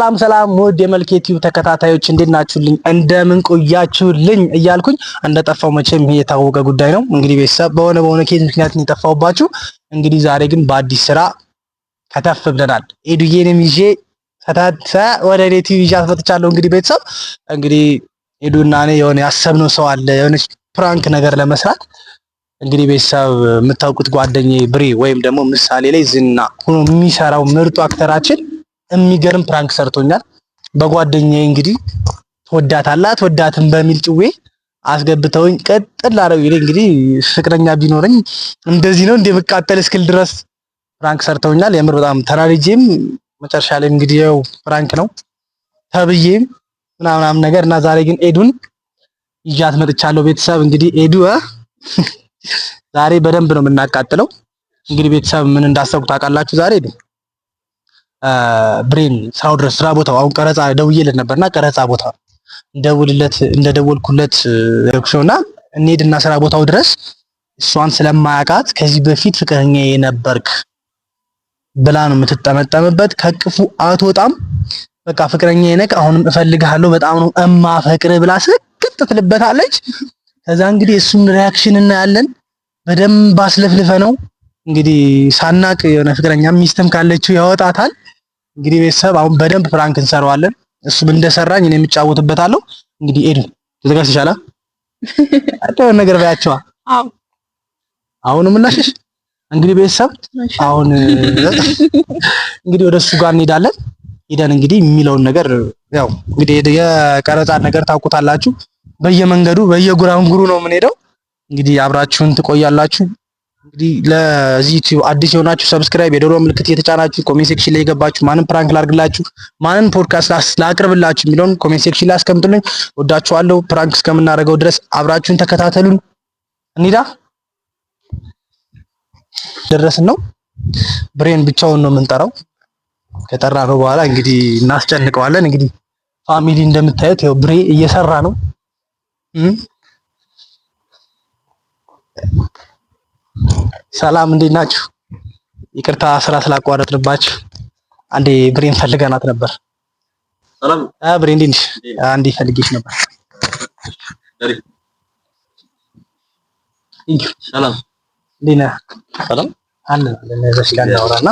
ሰላም ሰላም ውድ የመልኬቲው ተከታታዮች እንዴት ናችሁልኝ? እንደምን ቆያችሁልኝ እያልኩኝ እንደጠፋው መቼም የታወቀ ጉዳይ ነው። እንግዲህ ቤተሰብ በሆነ በሆነ ኬዝ ምክንያት የጠፋሁባችሁ፣ እንግዲህ ዛሬ ግን በአዲስ ስራ ከተፍ ብለናል። ኤዱዬንም ይዤ ተታተ ወደ ቲቪ ይዤ አስመጥቻለሁ። እንግዲህ ቤተሰብ እንግዲህ ኤዱና እኔ የሆነ ያሰብነው ሰው አለ የሆነች ፕራንክ ነገር ለመስራት እንግዲህ ቤተሰብ የምታውቁት ጓደኛዬ ብሬ ወይም ደግሞ ምሳሌ ላይ ዝና ሆኖ የሚሰራው ምርጡ አክተራችን የሚገርም ፕራንክ ሰርቶኛል። በጓደኛዬ እንግዲህ ትወዳታለህ አትወዳትም በሚል ጭዌ አስገብተውኝ ቀጥል አረው ይሄ እንግዲህ ፍቅረኛ ቢኖረኝ እንደዚህ ነው እንደምቃጠል እስክል ድረስ ፕራንክ ሰርተውኛል። የምር በጣም ተናድጄም መጨረሻ ላይ እንግዲህ ያው ፕራንክ ነው ተብዬም ምናምናም ነገር እና ዛሬ ግን ኤዱን ይዣት መጥቻለሁ። ቤተሰብ እንግዲህ ኤዱ ዛሬ በደንብ ነው የምናቃጥለው። እንግዲህ ቤተሰብ ምን እንዳሰብኩ ታውቃላችሁ ዛሬ ብሬን ስራው ድረስ ስራ ቦታው አሁን ቀረጻ ደውዬለት ነበርና ቀረጻ ቦታ እንደውልለት እንደደወልኩለት እና እንሄድና ስራ ቦታው ድረስ እሷን ስለማያውቃት ከዚህ በፊት ፍቅረኛ የነበርክ ብላ ነው የምትጠመጠምበት። ከቅፉ አትወጣም። በቃ ፍቅረኛ የነክ አሁንም እፈልግሃለሁ በጣም ነው እማፈቅር ብላ ስቅጥ ትልበታለች። ከዛ እንግዲህ እሱም ሪያክሽን እናያለን። በደንብ አስለፍልፈ ነው እንግዲህ ሳናቅ የሆነ ፍቅረኛ ሚስትም ካለችው ያወጣታል። እንግዲህ ቤተሰብ አሁን በደንብ ፕራንክ እንሰራዋለን። እሱም እንደሰራኝ እኔ የምጫወትበታለሁ። እንግዲህ ኤድ ተዘጋጅ ይሻላል። አጣው ነገር ባያቸዋ አሁን ምላሽሽ እንግዲህ ቤተሰብ አሁን እንግዲህ ወደ እሱ ጋር እንሄዳለን። ሄደን እንግዲህ የሚለውን ነገር ያው እንግዲህ የቀረጻ ነገር ታውቁታላችሁ። በየመንገዱ በየጉራንጉሩ ነው የምንሄደው። እንግዲህ አብራችሁን ትቆያላችሁ። እንግዲህ ለዚህ ዩቲዩብ አዲስ የሆናችሁ ሰብስክራይብ፣ የዶሮ ምልክት እየተጫናችሁ ኮሜንት ሴክሽን ላይ የገባችሁ ማንን ፕራንክ ላድርግላችሁ፣ ማንን ፖድካስት ላቅርብላችሁ የሚለውን ኮሜንት ሴክሽን ላይ አስቀምጡልኝ። ወዳችኋለሁ። ፕራንክ እስከምናደርገው ድረስ አብራችሁን ተከታተሉን። እኒዳ ደረስን ነው ብሬን ብቻውን ነው የምንጠራው። ከጠራ ነው በኋላ እንግዲህ እናስጨንቀዋለን። እንግዲህ ፋሚሊ እንደምታዩት ያው ብሬ እየሰራ ነው። ሰላም እንዴት ናችሁ? ይቅርታ ስራ ስላቋረጥንባችሁ። አንዴ ብሬን ፈልገናት ነበር። ሰላም አ ብሬን እንዴት ነሽ? አንዴ ፈልጌሽ ነበር። ሰላም እንዴት ነህ? ሰላም አለ ለነዚህ ጋር እናወራና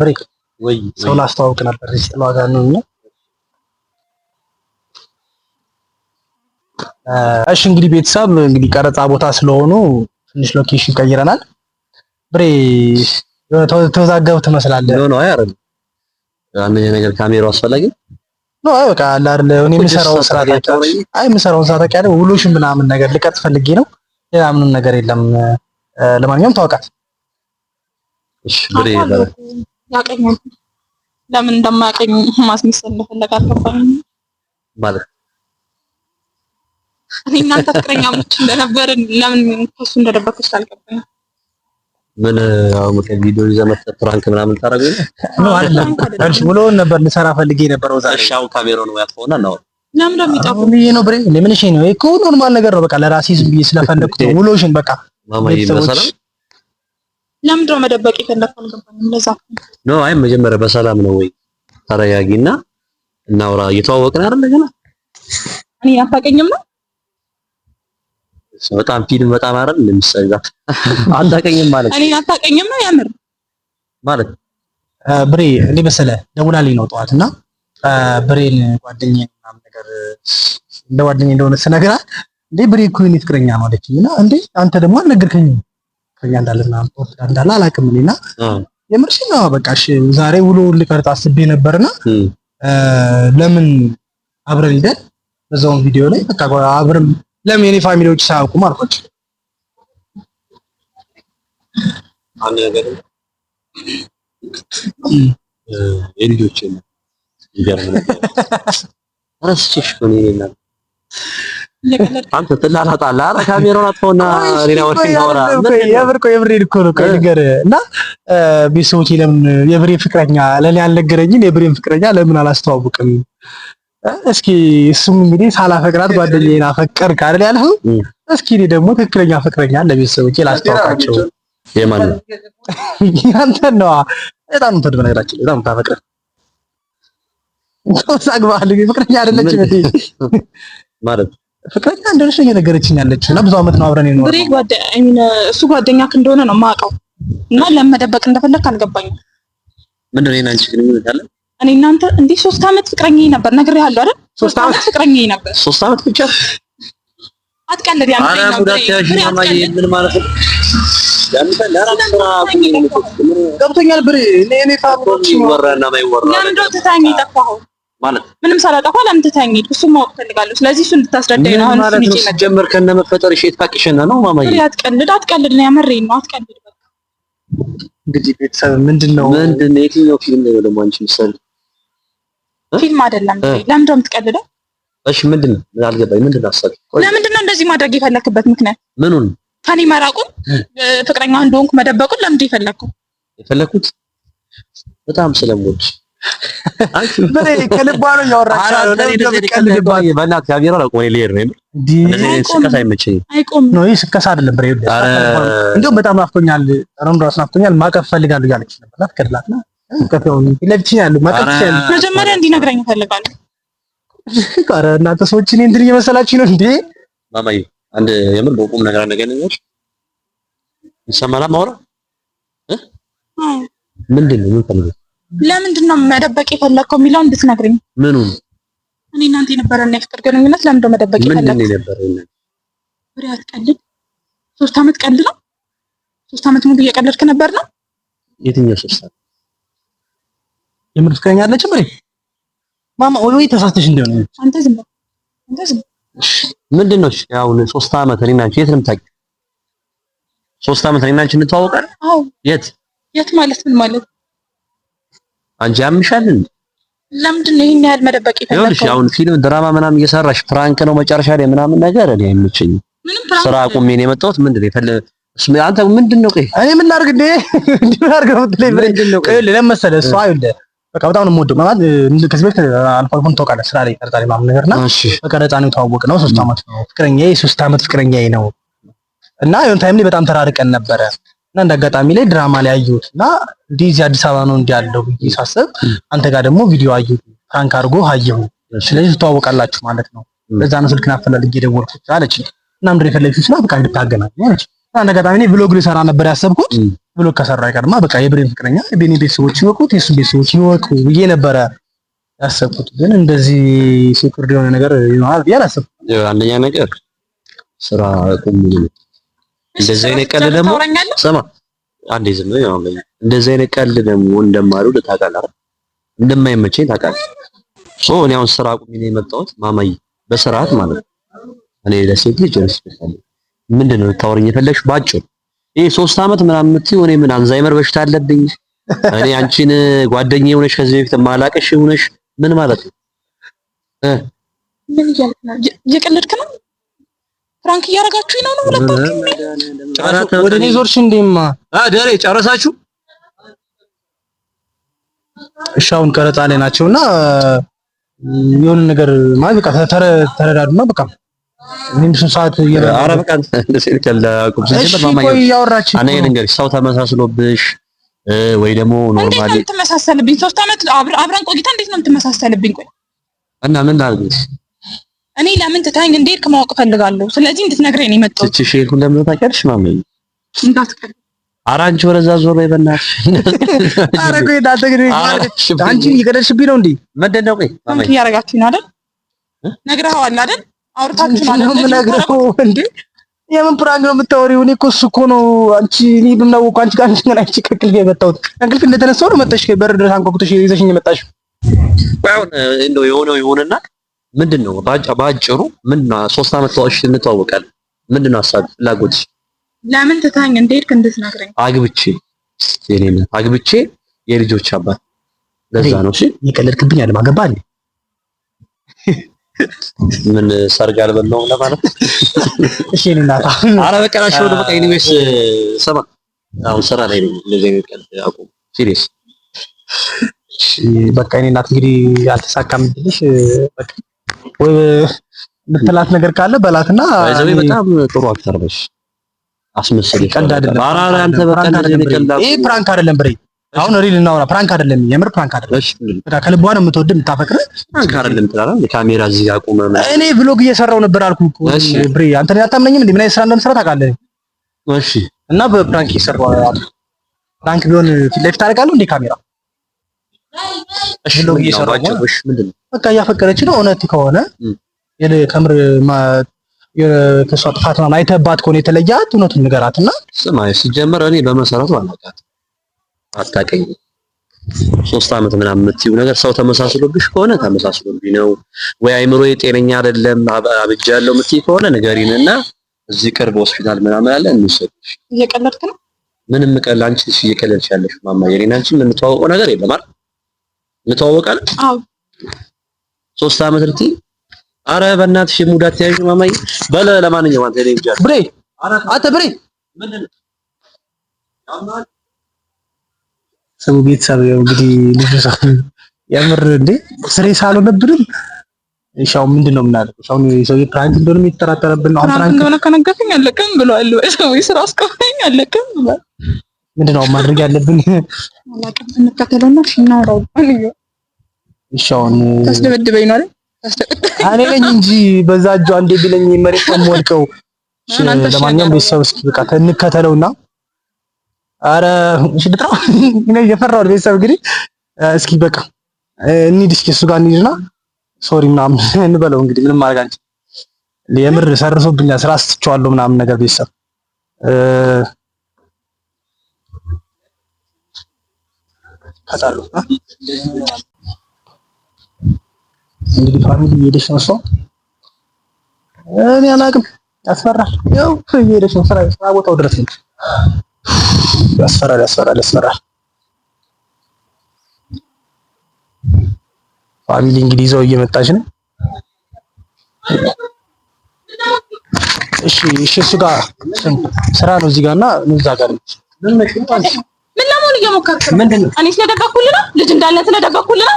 ብሬን ወይ ሰው ላስተዋውቅ ነበር። እስቲ ዋጋ ነው እኛ እሺ እንግዲህ ቤተሰብ እንግዲህ ቀረጻ ቦታ ስለሆኑ ትንሽ ሎኬሽን ቀይረናል። ብሬ ተወዛገብ ትመስላለህ። ነው ኖ አይ አይደለም፣ አንደኛ ነገር ካሜራው አስፈላጊ ነው። አይ በቃ አለ አይደለ፣ እኔ የምሰራውን ስራ ታውቂያለሽ። አይ የምሰራውን ስራ ታውቂያለሽ። ውሎሽን ምናምን ነገር ልቀጥ ፈልጌ ነው፣ ሌላ ምንም ነገር የለም። ለማንኛውም ታውቃት። እሺ ብሬ ያቀኛል። ለምን እንደማያቀኝ ማስመሰል እንደፈለጋለሁ ማለት እኔ እናንተ ፍቅረኛሞች እንደነበር ለምን ከሱ እንደደበቅኩሽ አልገባኝ። ምን አሁን ወደ ቪዲዮ ይዘህ መጥተህ ፕራንክ ምናምን ታደርገኝ ነው አይደለም? አንቺ ውሎውን ነበር ልሰራ ፈልጌ ነበረው ዛሬ። እሺ አሁን ካሜራውን ነው ያጥፋውና ነው ለምን እንደሚጣፉ ብዬ ነው ብሬ። ለምን እሺ ነው እኮ ኖርማል ነገር ነው። በቃ ለራሴ ዝም ብዬ ስለፈለኩት ውሎሽን በቃ ማማ ይመሰላል። ለምን ነው መደበቅ የፈለከው አልገባኝም። ለዛ ነው አይ መጀመሪያ በሰላም ነው ወይ ተረጋጊና እናውራ። እየተዋወቅን አይደል ገና እኔ አታውቀኝም ነው በጣም ፊልም በጣም አረም ለምሳሌ አታቀኝም ማለት እኔ አታቀኝም ነው ያምር ማለት ብሬ እኔ መሰለ ደውላልኝ ነው ጠዋት እና ብሬን ጓደኛዬ ምናምን ነገር እንደ ጓደኛዬ እንደሆነ ስነግራ እንዴ ብሬ እኮ የእኔ ፍቅረኛ ነው አለችኝ። እና እንዴ አንተ ደግሞ አልነገርከኝም ፍቅረኛ እንዳለና ወፍዳ እንዳለ አላውቅም እኔና የምርሽ ነው በቃ እሺ፣ ዛሬ ውሎ ልቀርጥ አስቤ ነበርና ለምን አብረን ሂደን በዛውን ቪዲዮ ላይ በቃ አብረን ለምን የኔ ፋሚሊዎች ሳያውቁም አልኳቸው። አንድ ነገር የልጆች ረስቼሽ ነው ይሄና አንተ ትላላጣለህ። ኧረ ካሜራውን አጥፋውና ሌላ ወርሽ እናወራ። የብር ቆይ የብሬ እኮ ነው ቆይ እና ቤተሰቦቼ ለምን የብሬ ፍቅረኛ ለኔ አልነገረኝም? የብሬን ፍቅረኛ ለምን አላስተዋውቅም? እስኪ እሱም እንግዲህ ሳላፈቅራት ጓደኛዬን አፈቀርክ አይደል ያልኸው? እስኪ እኔ ደግሞ ትክክለኛ ፍቅረኛ ለቤተሰቦቼ ላስተዋውቃቸው። የማን ነው? ያንተ ነዋ። በጣም እንትን በነገራችን በጣም ታፈቅረ ሳግባል ፍቅረኛ አይደለች እንዴ? ማለት ፍቅረኛ እንደሆነች እየነገረችኝ ያለች እና ብዙ አመት ነው አብረን የኖረው። እሱ ጓደኛ እንደሆነ ነው የማውቀው እና ለመደበቅ እንደፈለክ አልገባኝም። ምንድን ነው የእናንቺ ግንኙነት አለ? እኔ እናንተ እንዲህ ሶስት አመት ፍቅረኛ ነበር ነገር ያለው አይደል? ሶስት አመት ፍቅረኛ ነበር። ሶስት አመት ብቻ አትቀልድ። ምንም ሳላጠፋ ለምን ትታኝ ሄድክ? እሱን ማወቅ እፈልጋለሁ። ስለዚህ እሱን እንድታስረዳኝ ነው። አሁን ሲጀመር መፈጠር እሺ፣ የታቅሽና ነው ማማዬ። አትቀልድ፣ አትቀልድ ነው ያመረኝ ነው። አትቀልድ እንግዲህ ቤተሰብ ምንድን ነው ምንድን ነው የትኛው ፊልም ነው ደግሞ አንቺ ምሳሌ ፊልም አይደለም። ለምንድን ነው የምትቀልደው? እሺ ምንድን ነው አልገባኝ። ምንድን ነው አሳቢ? ለምንድን ነው እንደዚህ ማድረግ የፈለክበት ምክንያት ምኑን? ከኔ መራቁን፣ ፍቅረኛ እንደሆንኩ መደበቁን ለምንድን የፈለግኩ የፈለግኩት በጣም ስለምወድሽ ከልቧ ነው ያወራችው። በጣም ናፍቆኛል፣ ማቀፍ ፈልጋለሁ እያለች ነበር። መጀመሪያ እንዲነግረኝ እፈልጋለሁ። ኧረ እናንተ ሰዎች እኔ እንትን እየመሰላችሁ ነው እንዴ? ማማዬ አንድ የምር በቁም ነገር አነጋነኛች ይሰማላ ማውራ ምንድን ነው ምን ፈልገህ ለምንድን ነው መደበቅ የፈለግከው የሚለውን እንድትነግረኝ። ምኑ እኔ እናንተ የነበረን የፍቅር ግንኙነት ለምንድን ነው መደበቅ የፈለግከው? ምንድን ነበር ይላል። ወሬ አትቀልድ። ሶስት አመት ቀልድ ነው። ሶስት አመት ሙሉ እየቀለድክ ነበር ነው። የትኛው ሶስት አመት የምር ፍቅረኛ አለች ምሪ ማማ ወይ ወይ ተሳስተሽ እንደሆነ አንተ ዝም በል አንተ ዝም ምንድን ነው? አሁን ሶስት አመት እኔና የት ነው የምታውቂው? ሶስት አመት እኔና አንቺ እንተዋወቃለን። አዎ የት የት ማለት ምን ማለት አንቺ ያምሻል ለምንድን ነው ይሄን ያህል መደበቅ ይኸውልሽ አሁን ፊልም ድራማ ምናምን እየሰራሽ ፍራንክ ነው መጨረሻ ላይ ምናምን ነገር እኔ አይመቸኝም። ስራ አቁሜ ነው የመጣሁት። ምንድን ነው የፈለ አንተ ምንድን ነው ቆይ እኔ ምን ላድርግ እንዴ? ምን ላድርግ ነው የምትለኝ? ለምን መሰለህ እሷ አይደል በቃ በጣም ነው የምወደው ማለት ከዚህ በፊት አልፎ አልፎ ታውቃለህ ስራ ላይ ጠርጣሪ ምናምን ነገር እና በቀረጻ ነው የተዋወቅነው። ሶስት ዓመት ፍቅረኛዬ ሶስት ዓመት ፍቅረኛ ነው እና የሆነ ታይም ላይ በጣም ተራርቀን ነበረ እና እንደ አጋጣሚ ላይ ድራማ ላይ አየሁት እና እንዲህ እዚህ አዲስ አበባ ነው እንዲህ ያለው ብዬ ሳስብ አንተ ጋር ደግሞ ቪዲዮ አየሁት ፍራንክ አድርጎ አየሁ። ስለዚህ ትተዋወቃላችሁ ማለት ነው። በዛ ነው ስልክ ናፈላልጌ ደወልኩት አለች። እና ምድር ፈለግሽ ስላ በቃ እንድታገናኝ አለች አንድ አጋጣሚ እኔ ብሎግ ልሰራ ነበር ያሰብኩት። ብሎግ ከሰራ አይቀርማ በቃ የብሬን ፍቅረኛ የቤኔ ቤተሰቦች ይወቁት፣ የእሱ ቤተሰቦች ይወቁ ብዬ ነበረ ያሰብኩት። ግን እንደዚህ ሴኩርድ የሆነ ነገር ይሆናል ብዬ አላሰብኩም። አንደኛ ነገር ስራ ቁም ነው። እንደዚህ አይነት ቀልድ ደግሞ ስማ፣ አንዴ ዝም ነው ያው እንደዚህ አይነት ቀልድ ደግሞ እንደማልወድ ታውቃለህ፣ እንደማይመቸኝ ታውቃለህ። ሶ እኔ አሁን ስራ ቁም ነው የመጣሁት ማማዬ፣ በስርዓት ማለት ነው። እኔ ለሴት ልጅ ሪስፔክት አለኝ ምንድን ነው ልታወሪኝ የፈለግሽ? ባጭሩ ይሄ ሶስት ዓመት ምናምን የምትይው እኔ ምን አልዛይመር በሽታ አለብኝ? እኔ አንቺን ጓደኛዬ ሆነሽ ከዚህ በፊት ማላቀሽ ሆነሽ ምን ማለት ነው? እየቀለድክ ነው? ፍራንክ እያደረጋችሁኝ ነው ነው ሁለታችሁ? ወደ እኔ ዞርሽ እንዴማ? አ ደሬ ጨረሳችሁ? እሺ አሁን ቀረጻ ላይ ናቸውና የሆነ ነገር ማለት በቃ ተረዳዱና በቃ ሰው ተመሳስሎብሽ ወይ ደግሞ ኖርማሊ ትመሳሰልብኝ። ሶስት ዓመት አብረን ቆይታ እንዴት ነው የምትመሳሰልብኝ? ቆይ እና ምን ላድርግሽ? እኔ ለምን እንደሄድክ ማወቅ እፈልጋለሁ። ስለዚህ እንድትነግረኝ ነው የመጣሁት። እቺ ታቀርሽ እንዳትቀር ወደዛ ዞር ቆይ ግን ነው እንዴ? ምንድን ነው ቆይ አይደል? ነግረኸዋል አይደል? አውርታችሁ የምን ፕራንክ ነው የምታወሪው? እኔ እኮ እሱ እኮ ነው። አንቺ እኔ ብናወቁ አንቺ ጋር አንቺ ከእንቅልፍ የመጣሁት እንደተነሳሁ ነው መጣሽ፣ በር ድረስ አንኳኩተሽ ይዘሽኝ የመጣሽው። አሁን እንደው የሆነው ምንድን ነው በአጭሩ ምንድን ነው ሶስት ዓመት ሰዎች እንተዋወቃለን። ምንድን ነው ሀሳብ ፍላጎት? ለምን ትታኝ እንደሄድክ እንድትነግረኝ። አግብቼ የኔ አግብቼ የልጆች አባት ለዛ ነው። እሺ የቀለድክብኝ አለ ምን ሰርግ አልበላሁም ለማለት እሺ። እናታ አረ በቀናሽ ወደ በቃ ኢኒዌስ ሰማ አሁን ስራ ላይ ነኝ። ለዚህ አይነት ቀን አቁም ሲሪየስ በቃ እኔ እናት እንግዲህ አልተሳካም ብልሽ በቃ ወይ ምትላት ነገር ካለ በላትና አይዘቤ በጣም ጥሩ አክተር ነሽ። አስመስል ቀልድ አይደለም። አራ አንተ በቃ ይሄ ፕራንክ አይደለም ብሬ አሁን ሪል እናውራ። ፕራንክ አይደለም፣ የምር ፕራንክ አይደለም። እሺ በቃ ከልቧ ነው የምትወድ የምታፈቅር። ፕራንክ አይደለም ትላለህ። የካሜራ እዚህ ጋር ቆመ። እኔ ብሎግ እየሰራው ነበር አልኩ እኮ። እሺ ብሬ፣ አንተ አታምነኝም እንዴ? ምን አይነት ስራ እንደምሰራ ታውቃለህ። እሺ እና በፕራንክ እየሰራው አይደል? ፕራንክ ቢሆን ፊት ለፊት ታደርጋለህ እንዴ ካሜራ? እሺ ብሎግ እየሰራው ነው። እሺ፣ ምንድነው በቃ እያፈቀረች ነው። እውነት ከሆነ ከምር ከእሷ ጥፋት ምናምን አይተህባት ከሆነ የተለያት እውነቱን ንገራትና፣ ስማ፣ ሲጀመር እኔ በመሰረቱ አላውቃትም አታቀኝ ሶስት አመት ምናምን የምትይው ነገር ሰው ተመሳስሎብሽ ከሆነ ተመሳስሎብኝ ነው ወይ አይምሮ የጤነኛ አይደለም አብጃ አብጃለሁ የምትይ ከሆነ ንገሪንና እዚህ ቅርብ ሆስፒታል ምናምን አለ እንውሰድሽ። እየቀለድክ ነው? ምንም ቀል አንቺ እሺ እየቀለድሽ ያለሽ ማማ፣ የኔና አንቺ የምንተዋወቀው ነገር የለም አይደል? እንተዋወቃለን። አዎ ሶስት አመት ልትይ? አረ በእናትሽ ሙዳት ያዩ ማማዬ። በለ ለማንኛውም አንተ ለይጃ ብሬ፣ አረ አንተ ብሬ ምንድን ያማል ሰው ቤተሰብ ያው እንግዲህ ልጅ የምር እንዴ ስሬ ሳልሆነብንም ሻው ምንድን ነው የምናደርገው? ሻው ነው ሰው ፕራንክ እንደሆነ የሚጠራጠረብን ነው። ፕራንክ እንደሆነ ከነገርከኝ አለቅም ብሏል። ሰው ስራ እስከሆነኝ አለቅም ብሏል። ምንድን ነው ማድረግ ያለብን? አላቅም እንከተለውና እናውራው። ሻውን ታስደበድበኝ ነው አይደል? እኔ ነኝ እንጂ በዛ እጇ እንዴ ቢለኝ መሬት ነው ለማንኛውም ቤተሰብ እስኪ በቃ እንከተለውና አረ ሽድጥራ እኔ እየፈራሁ ቤተሰብ እንግዲህ እስኪ በቃ እንሂድ፣ እስኪ እሱ ጋር እንሂድና ሶሪ ምናምን እንበለው። እንግዲህ ምንም ማድረግ አንቺ የምር ሰርሶብኛል፣ ስራ አስቸዋለሁ ምናምን ነገር ቤተሰብ ፈጣሉ እንግዲህ ፋሚሊ እየሄደች ነው እሷ። እኔ ያስፈራል። ያው እየሄደች ነው ስራ ቦታው ድረስ ነው ያስፈራል፣ ያስፈራል፣ ያስፈራል። ፋሚሊ እንግዲህ ይዘው እየመጣች ነው። እሺ፣ እሺ። እሱ ጋር ስራ ነው እዚህ ጋርና እዛ ጋር ነው። ምን ለመሆን እየሞከርክ ነው? ምንድን ነው እኔ ስለደበኩልህ ነው? ልጅ እንዳለ ስለደበኩልህ ነው?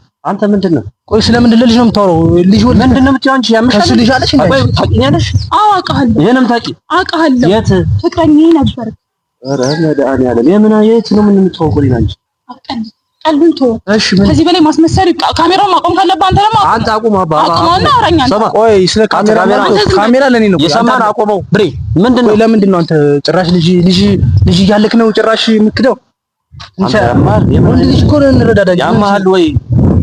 አንተ ምንድን ነው? ቆይ ስለምንድን ልጅ ነው የምታወራው? ልጅ ወል ምንድን ነው የምትይው አንቺ? ያምሻል ልጅ አለሽ እንዴ? አባይ ታውቂኛለሽ? አዎ አውቃለሁ። ይሄንም ታውቂ? አውቃለሁ። የት ፍቅረኛዬ ነበር። ኧረ መድኃኒዓለም የምን የት ነው ምን የምትዋወቁኝ? አንቺ ቀልዱን ተወው እሺ። ምን ከዚህ በላይ ማስመሰል ካሜራውን ማቆም ካለብህ አንተ ደግሞ አንተ አቁም። አባ አቁማና አውራኝ አንተ። ቆይ ስለ ካሜራ ካሜራ ለኔ ነው የሰማን። አቆመው ብሬ። ምንድን ነው ለምንድን ነው አንተ ጭራሽ ልጅ ልጅ ልጅ እያልክ ነው ጭራሽ አንተ ማር የምን ልጅ እኮ ነው እንረዳዳ። ያማሃል ወይ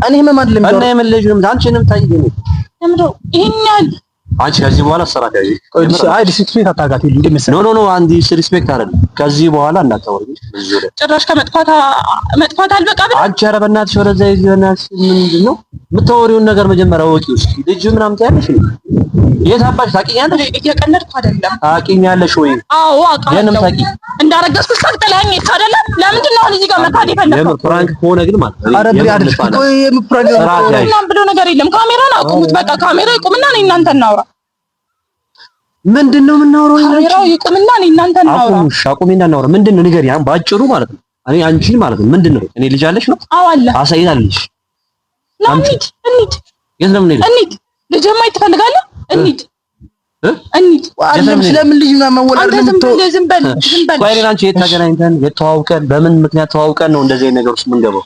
እኔ ህመም አይደለም እና የምን ልጅንም አንቺንም ታይ አንቺ ከዚህ በኋላ ሰራት ያጂ አይ ዲስሪስፔክት አታጋት ይል እንደምሰ ኖ ኖ ኖ አንዲ ዲስሪስፔክት አይደለም። ከዚህ በኋላ እንዳታወሪ ጭራሽ ከመጥፋታ መጥፋት አልበቃ ብለ አንቺ ኧረ በእናትሽ ወደዛ ይዘናስ ምንድነው የምታወሪውን ነገር መጀመሪያ ወቂ ውስጥ ልጅ ምናምን ታያለሽ የት አባሽ ታውቂኛለሽ? እየቀለድኩ አይደለም። ታውቂኛለሽ ወይ? አዎ አውቃለሁ። እንዳረገዝኩሽ ቀጥለኸኝ እኮ አይደለም። ለምንድን ነው አሁን እዚህ ጋር መታደል የፈለከው? የምር ፕራንክ ከሆነ ግን ማለት ነው። ነው። ፕራንክ እናም ብሎ ነገር የለም። ካሜራውን አቁሙት በቃ። ካሜራ ይቁምና እኔ እናንተ እናውራ። ምንድን ነው የምናውራው? ካሜራው ይቁምና እኔ እናንተ እናውራ። አቁሙሽ፣ አቁሜና እናውራ። ምንድን ነው ንገሪኝ፣ አሁን በአጭሩ ማለት ነው። እኔ አንቺ ማለት ነው ምንድን ነው እኔ ልጅ አለሽ ነው? አዎ አለ። አሳይታለሽ። እንሂድ፣ እንሂድ። የት ነው የምንሄደው? እንሂድ። ልጅ ማየት ትፈልጋለህ? እንሂድ እንሂድ። የት በምን ምክንያት ተዋውቀን ነው እንደዚህ ነገር ውስጥ የምንገባው?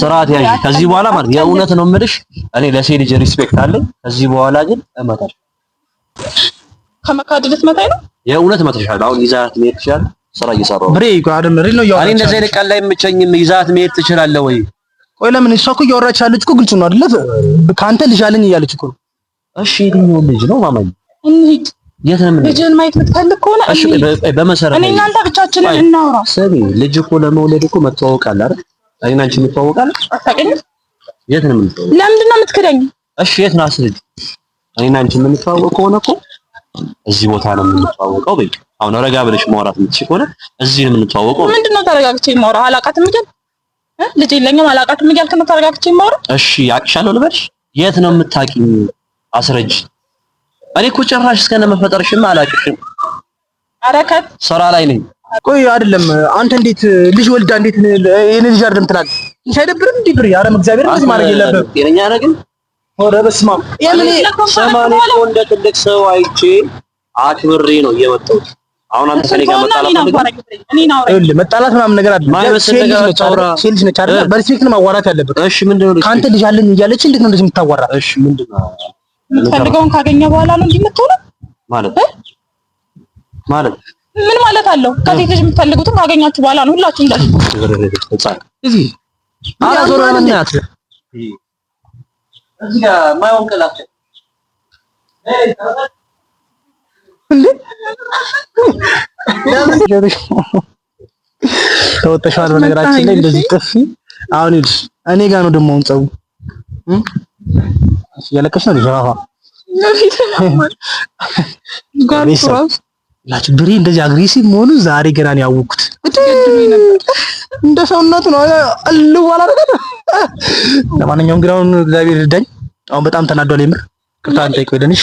ስርዓት ያዥ። ከዚህ በኋላ ማለት የእውነት ነው የምልሽ፣ እኔ ለሴት ልጅ ሪስፔክት አለኝ። ከዚህ በኋላ ግን ከመካድ ነው? የእውነት አሁን ይዛት መሄድ ትችላለህ። ስራ እየሰራሁ ብሬ ነው ያው እኔ እንደዚህ አይነት ላይ የምቸኝም። ይዛት መሄድ ትችላለህ ወይ? ቆይ ለምን? እሷ እኮ እያወራች ያለች እኮ ነው አይደለ? ከአንተ ልጅ እያለች እኮ ነው እሺ የትኛው ልጅ ነው ማማዬ? እንሂድ። የት ነው የምንሄድ? ልጅን ማየት የምትፈልግ ከሆነ እሺ፣ እኔ እናንተ ብቻችንን እናውራ። ስሚ፣ ልጅ እኮ ለመውለድ እኮ መተዋወቅ አለ አይደል? እኔና አንቺ እንተዋወቃለን። የት ነው የምንተዋወቅ? ለምንድን ነው የምትክደኝ? እሺ፣ የት ነው አስልጅ? አንቺ የምንተዋወቅ ከሆነ እኮ እዚህ ቦታ ነው የምንተዋወቀው። በይ አሁን ረጋ ብለሽ ማውራት የምትችል ከሆነ እዚህ ነው የምንተዋወቀው። ምንድን ነው ተረጋግቼ የማውራ? አላውቃትም እያልክ ልጅ የለኝም አላውቃትም እያልክ ነው ተረጋግቼ ማውራ? እሺ፣ አቅሻለሁ ልበልሽ? የት ነው የምታውቂኝ? አስረጅ። እኔ እኮ ጭራሽ እስከነ መፈጠርሽም አላውቅሽም። አረከት ስራ ላይ ነኝ። ቆይ አይደለም አንተ እንዴት ልጅ ወልዳ እንዴት እኔ ልጅ አይደለም ትላለህ? ትንሽ አይደብርም? እንዲህ ብር አረም እግዚአብሔር ልጅ ማድረግ የለብህም። ጤነኛ ነህ ግን ወደ በስማ የምን ሰማኔ እኮ እንደ ትልቅ ሰው አይቼ አክብሬ ነው እየመጣሁት። አሁን አንተ ከኔ ጋር መጣላት ፈልገህ እኔ መጣላት ምናምን ነገር አለ? አይደል? ሴት ልጅ ነች አይደል? በሪስፔክት ነው ማዋራት ያለብህ። እሺ ምንድነው? ካንተ ልጅ አለኝ እያለች እንዴት ነው እንደዚህ የምታዋራ? እሺ ምንድነው የምትፈልገውን ካገኘ በኋላ ነው እንዲህ የምትሆነው ማለት ማለት ምን ማለት አለው? ከሴት ልጅ የምትፈልጉትን ካገኛችሁ በኋላ ነው ሁላችሁ እንዳልኩ እዚህ በነገራችን ላይ እንደዚህ ጥፊ አሁን እኔ ጋር ነው ደግሞ ፀቡ እያለቀሽ ነው ልጅ ራሷ እንደዚህ አግሬሲቭ መሆኑ ዛሬ ገና ነው ያወኩት። እንደ ሰውነት ነው አልው አላደረገ። ለማንኛውም ግን አሁን እግዚአብሔር ይርዳኝ። አሁን በጣም ተናዷል። የምር ቅርታ አንጠይቅ ወደንሽ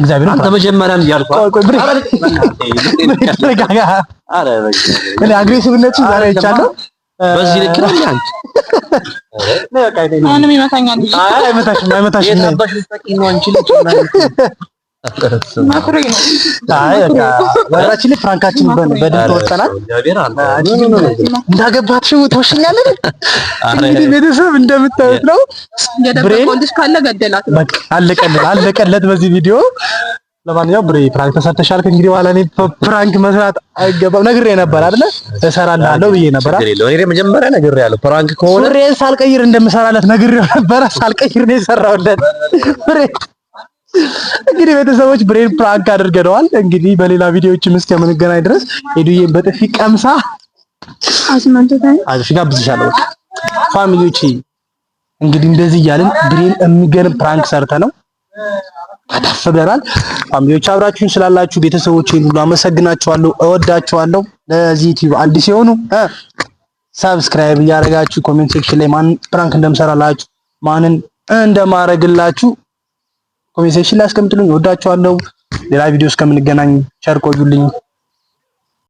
እግዚአብሔር አንተ መጀመሪያም ያልኳት ቆይ ብሬ እኔ አግሬሲቭነቱ ዛሬ አይቻለሁ። በዚህ ልክ ነው አንቺ ነው በቃ አይመታሽም፣ አይመታሽም በነገራችን ፍራንካችን በድምፅ ወጠናል። እንዳገባት ሽው ተወሽኛለን። እንግዲህ ቤተሰብ እንደምታዩት ነው። አለቀለት አለቀለት በዚህ ቪዲዮ። ለማንኛውም ብሬ ፍራንክ ተሰርተሻል። ከእንግዲህ በኋላ እኔ ፍራንክ መስራት አይገባም። ነግሬ ነበር አይደለ? እሰራልሃለሁ ብዬ ነበር አይደለ? እኔ መጀመሪያ ነግሬሃለሁ። ፍራንክ ከሆነ ፍሬ ሳልቀይር እንደምሰራለት ነግሬው ነበረ። ሳልቀይር ነው የሰራሁለት ፍሬ እንግዲህ ቤተሰቦች ብሬን ፕራንክ አድርገነዋል። እንግዲህ በሌላ ቪዲዮዎችም እስከምንገናኝ ድረስ ሄዱዬን በጥፊ ቀምሳ አዝሽ ጋብዝሻለሁ። ፋሚሊዎች እንግዲህ እንደዚህ እያልን ብሬን የሚገርም ፕራንክ ሰርተ ነው ከተፍ ፋሚሊዎች አብራችሁን ስላላችሁ ቤተሰቦቼን ሁሉ አመሰግናችኋለሁ፣ እወዳችኋለሁ። ለዚህ ዩቲዩብ አዲስ ሲሆኑ ሰብስክራይብ እያደረጋችሁ ኮሜንት ሴክሽን ላይ ማን ፕራንክ እንደምሰራላችሁ ማንን እንደማረግላችሁ ኮሜንት ሴክሽን ላይ አስቀምጡልኝ። ወዳችኋለሁ። ሌላ ቪዲዮ እስከምንገናኝ ቸር ቆዩልኝ።